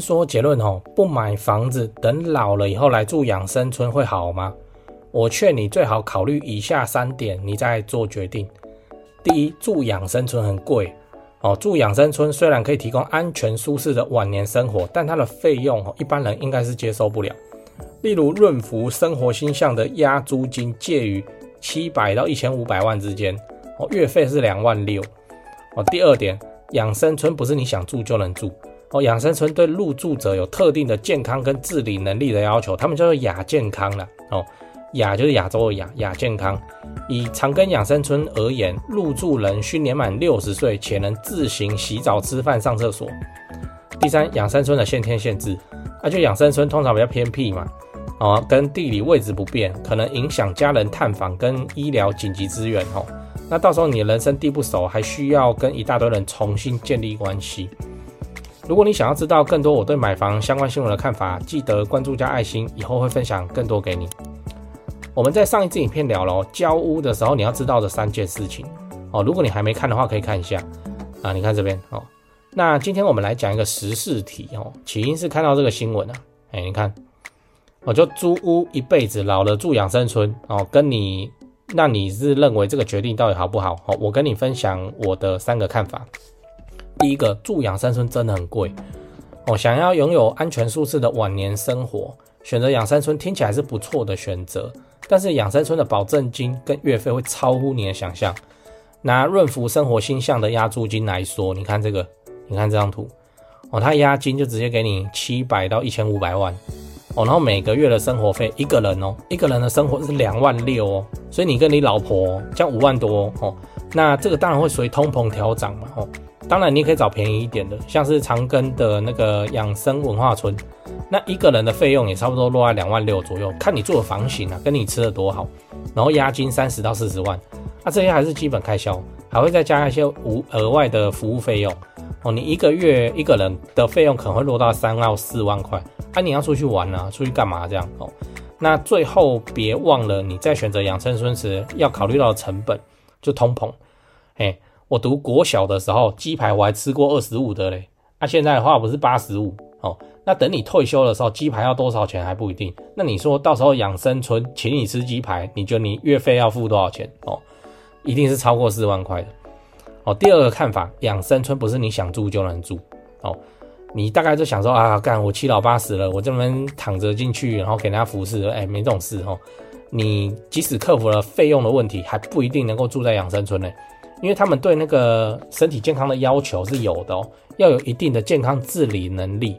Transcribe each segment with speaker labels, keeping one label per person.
Speaker 1: 說結論哦，不買房子，等老了以後來住養生村會好嗎？我勸你最好考慮以下三點，你再做決定。第一，住養生村很貴哦。住養生村雖然可以提供安全舒適的晚年生活，但它的費用一般人應該是接受不了。例如潤福生活新象的押租金介於七百到一千五百萬之間哦，月費是兩萬六哦。第二點，養生村不是你想住就能住。哦，養生村對入住者有特定的健康跟自理能力的要求，他們叫做亞健康啦、啊、哦，亞就是亞洲的亞，亞健康。以長庚養生村而言，入住人需年滿六十歲且能自行洗澡、吃飯、上廁所。第三，養生村的先天限制，啊，就養生村通常比較偏僻嘛，啊、哦，跟地理位置不便可能影響家人探訪跟醫療緊急資源。哦，那到時候你人生地不熟，還需要跟一大堆人重新建立關係。如果你想要知道更多我對買房相關新聞的看法，記得關注加愛心，以後會分享更多給你。我們在上一支影片聊了，哦、交屋的時候，你要知道的三件事情哦。如果你還沒看的話，可以看一下啊。你看這邊哦。那今天我們來講一個時事題哦，起因是看到這個新聞啊。誒、欸，你看，我就租屋一輩子，老了住養生村哦。跟你，那你是認為這個決定到底好不好？好，哦，我跟你分享我的三個看法。第一個，住養生村真的很貴哦，想要擁有安全舒適的晚年生活，選擇養生村聽起來是不錯的選擇，但是養生村的保證金跟月費會超乎你的想象。拿潤福生活新象的押租金來說，你看這個，你看這張圖，哦，它，押金就直接給你七百到一千五百萬，哦，然後每個月的生活費一個人哦，一個人的生活是兩萬六哦，所以你跟你老婆這樣，哦，五萬多哦，哦，那這個當然會隨通膨調漲嘛，哦。當然，你可以找便宜一點的，像是長庚的那個養生文化村，那一個人的費用也差不多落在兩萬六左右，看你住的房型啊，跟你吃的多好，然後押金三十到四十萬，那、啊、這些還是基本開銷，還會再加一些無額外的服務費用哦。你一個月一個人的費用可能會落到三萬到四萬塊，那、啊、你要出去玩啊，出去幹嘛這樣哦？那最後別忘了你在選擇養生村時要考慮到的成本，就通膨，誒我讀國小的時候，雞排我還吃過二十五的嘞。那、啊、現在的話不是八十五哦。那等你退休的時候，雞排要多少錢還不一定。那你說到時候養生村請你吃雞排，你覺得你月費要付多少錢哦？一定是超過四萬塊的哦。第二個看法，養生村不是你想住就能住哦。你大概就想說啊，幹我七老八十了，我這邊躺着進去，然後給人家服侍，誒、欸、沒這種事哦。你即使克服了費用的問題，還不一定能夠住在養生村嘞。因為他們對那個身體健康的要求是有的哦、喔，要有一定的健康自理能力。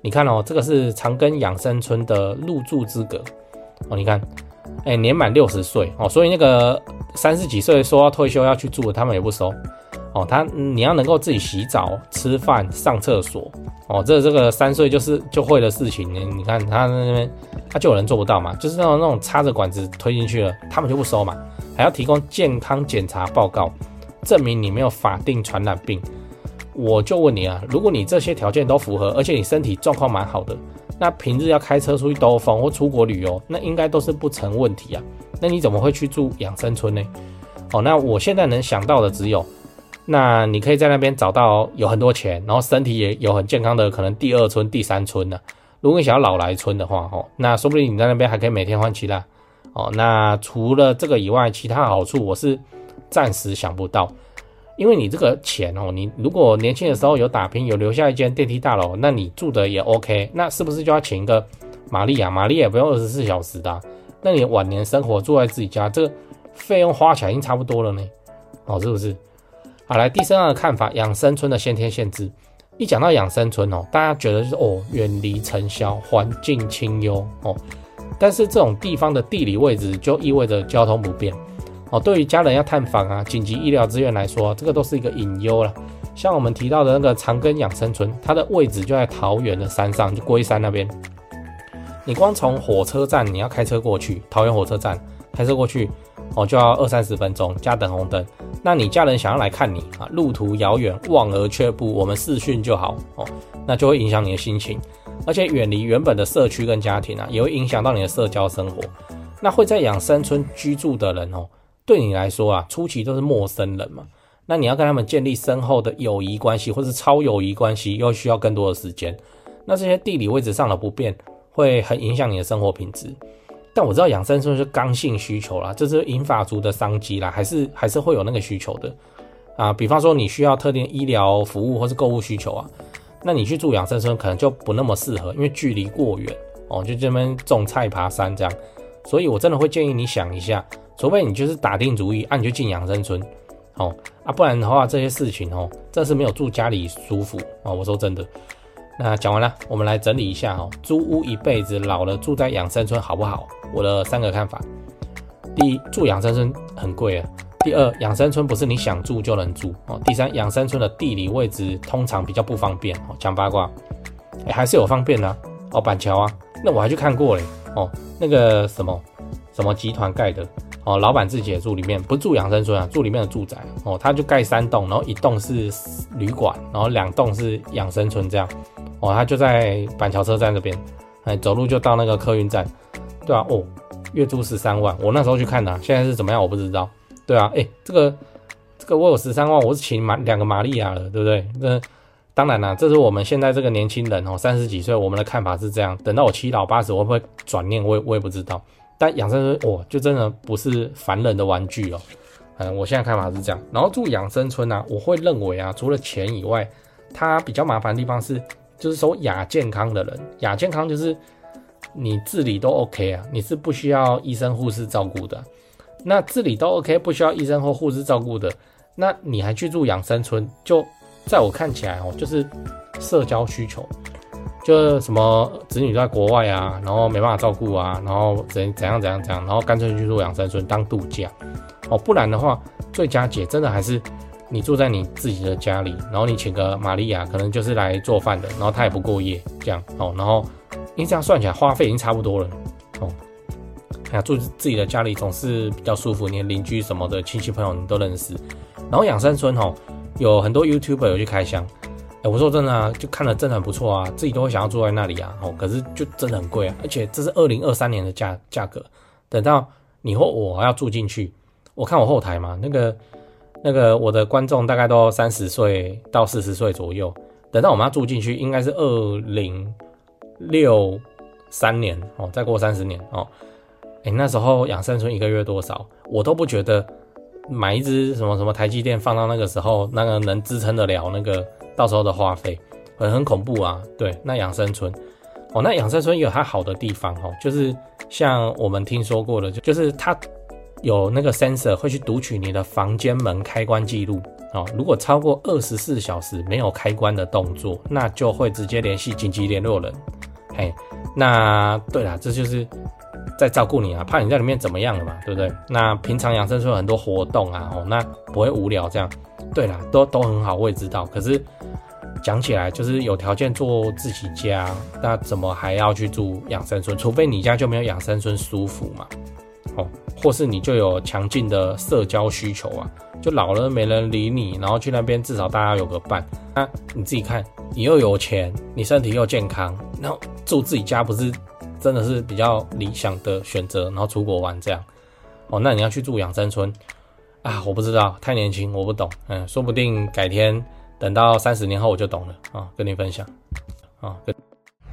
Speaker 1: 你看哦、喔，這個是長庚養生村的入住資格哦、喔。你看，哎、欸，年滿六十歲哦，所以那個三十幾歲說要退休要去住，他們也不收哦、喔。他你要能夠自己洗澡、吃飯、上廁所哦、喔，這個、這個三歲就是就會的事情。你看他那邊他就有人做不到嘛，就是那種那種插着管子推進去了，他們就不收嘛。還要提供健康檢查報告。證明你沒有法定傳染病，我就問你啊，如果你這些條件都符合，而且你身體狀況蠻好的，那平日要開車出去兜風或出國旅遊，那應該都是不成問題啊。那你怎麼會去住養生村呢？哦，那我現在能想到的只有，那你可以在那邊找到、哦、有很多錢，然後身體也有很健康的，可能第二村、第三村呢、啊。如果你想要老來村的話，吼、哦，那說不定你在那邊還可以每天換其他。哦，那除了這個以外，其他好處我是。暫時想不到，因為你這個錢哦、喔，你如果年輕的時候有打拼，有留下一間電梯大樓，那你住的也 OK。那是不是就要請一個瑪麗亞？瑪麗亞不用二十四小時的、啊，那你晚年生活住在自己家，這個費用花起來已經差不多了呢，哦，是不是？好來，第三個看法，養生村的先天限制。一講到養生村哦、喔，大家覺得就是哦，遠離塵囂，環境清幽哦，但是這種地方的地理位置就意味着交通不便。哦，對於家人要探訪啊，緊急醫療資源來說啊，這個都是一個隱憂了。像我們提到的那個長庚養生村，它的位置就在桃園的山上，就龜山那邊。你光從火車站，你要開車過去，桃園火車站開車過去，哦，就要二三十分鐘，加等紅燈。那你家人想要來看你啊，路途遙遠，望而卻步，我們視訊就好哦，那就會影響你的心情，而且遠離原本的社區跟家庭啊，也會影響到你的社交生活。那會在養生村居住的人哦，對你來說啊，初期都是陌生人嘛，那你要跟他們建立深厚的友誼關係，或是超友誼關係，又需要更多的時間。那這些地理位置上的不便，會很影響你的生活品質。但我知道養生村是剛性需求啦，這、就是銀髮族的商機啦，還是還是會有那個需求的啊。比方說你需要特定醫療服務或是購物需求啊，那你去住養生村可能就不那麼適合，因為距離過遠哦，就這邊種菜爬山這樣。所以我真的會建議你想一下。除非你就是打定主意，啊，你就進養生村，哦，啊，不然的話，這些事情哦，真是沒有住家裡舒服哦，我說真的，那講完了，我們來整理一下哦。租屋一輩子，老了住在養生村好不好？我的三個看法：第一，住養生村很貴啊；第二，養生村不是你想住就能住哦；第三，養生村的地理位置通常比較不方便。講、哦、八卦、欸，還是有方便的啊，哦，板橋啊，那我還去看過嘞哦，那個什麼什麼集團蓋的。哦，老闆自己也住裡面，不住養生村啊，住裡面的住宅。哦，他就蓋三棟，然後一棟是旅館，然後兩棟是養生村這樣。哦，他就在板橋車站這邊，哎，走路就到那個客運站，對啊，哦，月租十三萬，我那時候去看他啊，現在是怎麼樣？我不知道。對啊，哎，這個這個我有十三萬，我是請馬兩個瑪利亞了，對不對？那，嗯，當然啦，啊，這是我們現在這個年輕人哦，三十幾歲，我們的看法是這樣。等到我七老八十，我會不會轉念？我也我也不知道。但養生村哦、喔，就真的不是凡人的玩具哦、喔。嗯，我現在看法是這樣。然後住養生村呢、啊，我會認為啊，除了錢以外，它比較麻煩的地方是，就是說亞健康的人，亞健康就是你自理都 OK 啊，你是不需要醫生護士照顧的。那自理都 OK，不需要醫生或護士照顧的，那你還去住養生村，就在我看起來哦、喔，就是社交需求。就什麼子女在國外啊，然後沒辦法照顧啊，然後怎怎樣怎樣怎樣，然後乾脆去住養生村當度假，哦，不然的話最佳解真的還是你住在你自己的家裡，然後你請個瑪利亞，可能就是來做飯的，然後他也不過夜這樣，哦，然後因為這樣算起來花費已經差不多了，哦，哎，住自己的家裡總是比較舒服，你鄰居什麼的親戚朋友你都認識，然後養生村哦有很多 YouTuber 有去開箱。欸、我說真的啊，就看了真的很不錯啊，自己都會想要住在那裡啊。哦、喔，可是就真的很貴啊，而且這是二零二三年的價價格。等到你或我要住進去，我看我後台，嘛，那個那個我的觀眾大概都三十歲到四十歲左右。等到我們要住進去，應該是二零六三年哦、喔，再過三十年哦。哎、喔欸，那時候養生村一個月多少？我都不覺得買一隻什麼什麼台積電放到那個時候，那個能支撐得了那個？到時候的花費很很恐怖啊！對，那養生村哦，那養生村也有它好的地方哦，就是像我們聽說過的，就就是它有那個 sensor 會去讀取你的房間門開關記錄哦。如果超過二十四小時沒有開關的動作，那就會直接聯繫緊急聯絡人。哎，那對啦，這就是在照顧你啊，怕你在裡面怎麼樣了嘛，對不對？那平常養生村很多活動啊，哦，那不會無聊這樣。對啦，都都很好，我也知道，可是。講起來就是有條件做自己家，那怎麼還要去住養生村？除非你家就沒有養生村舒服嘛，哦，或是你就有強勁的社交需求啊，就老了沒人理你，然後去那邊至少大家有個伴。那、啊、你自己看，你又有錢，你身體又健康，然後住自己家不是真的是比較理想的選擇？然後出國玩這樣，哦，那你要去住養生村啊？我不知道，太年輕我不懂，嗯，說不定改天。等到三十年後我就懂了啊，跟你分享啊，跟。